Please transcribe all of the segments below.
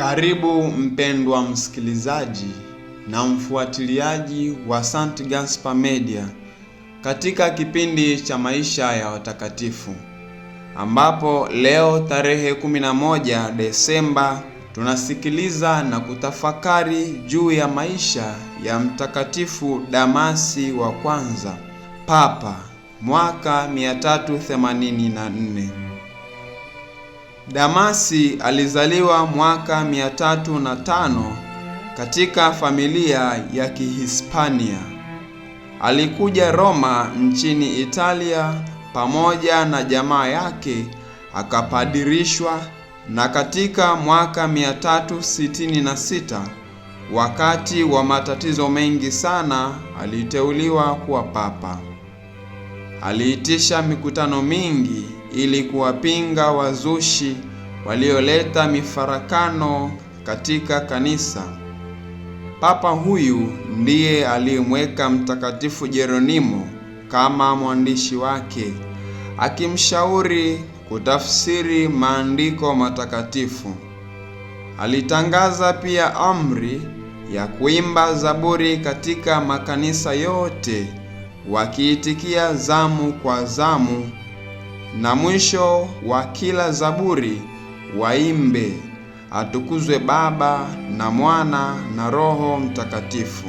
Karibu mpendwa msikilizaji na mfuatiliaji wa St. Gaspar Media katika kipindi cha maisha ya watakatifu ambapo leo tarehe 11 Desemba tunasikiliza na kutafakari juu ya maisha ya Mtakatifu Damasi wa kwanza Papa mwaka 384. Damasi alizaliwa mwaka 305 katika familia ya Kihispania. Alikuja Roma nchini Italia pamoja na jamaa yake akapadirishwa na katika mwaka 366 wakati wa matatizo mengi sana aliteuliwa kuwa papa. Aliitisha mikutano mingi ili kuwapinga wazushi walioleta mifarakano katika kanisa. Papa huyu ndiye aliyemweka Mtakatifu Jeronimo kama mwandishi wake, akimshauri kutafsiri maandiko matakatifu. Alitangaza pia amri ya kuimba zaburi katika makanisa yote, wakiitikia zamu kwa zamu na mwisho wa kila zaburi waimbe, atukuzwe Baba na Mwana na Roho Mtakatifu.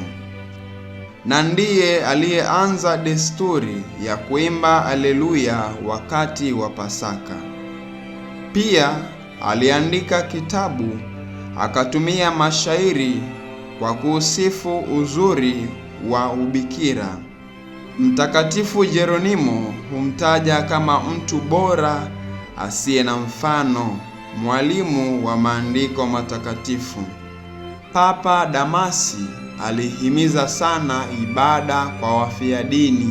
Na ndiye aliyeanza desturi ya kuimba aleluya wakati wa Pasaka. Pia aliandika kitabu, akatumia mashairi kwa kuusifu uzuri wa ubikira. Mtakatifu Jeronimo humtaja kama mtu bora asiye na mfano, mwalimu wa maandiko matakatifu. Papa Damasi alihimiza sana ibada kwa wafia dini,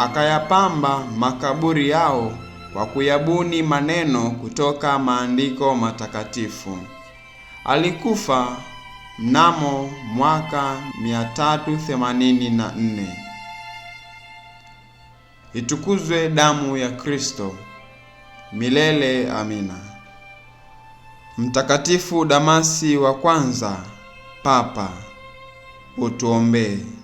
akayapamba makaburi yao kwa kuyabuni maneno kutoka maandiko matakatifu. Alikufa mnamo mwaka 384. Itukuzwe damu ya Kristo! Milele amina. Mtakatifu Damasi wa kwanza, Papa, utuombee.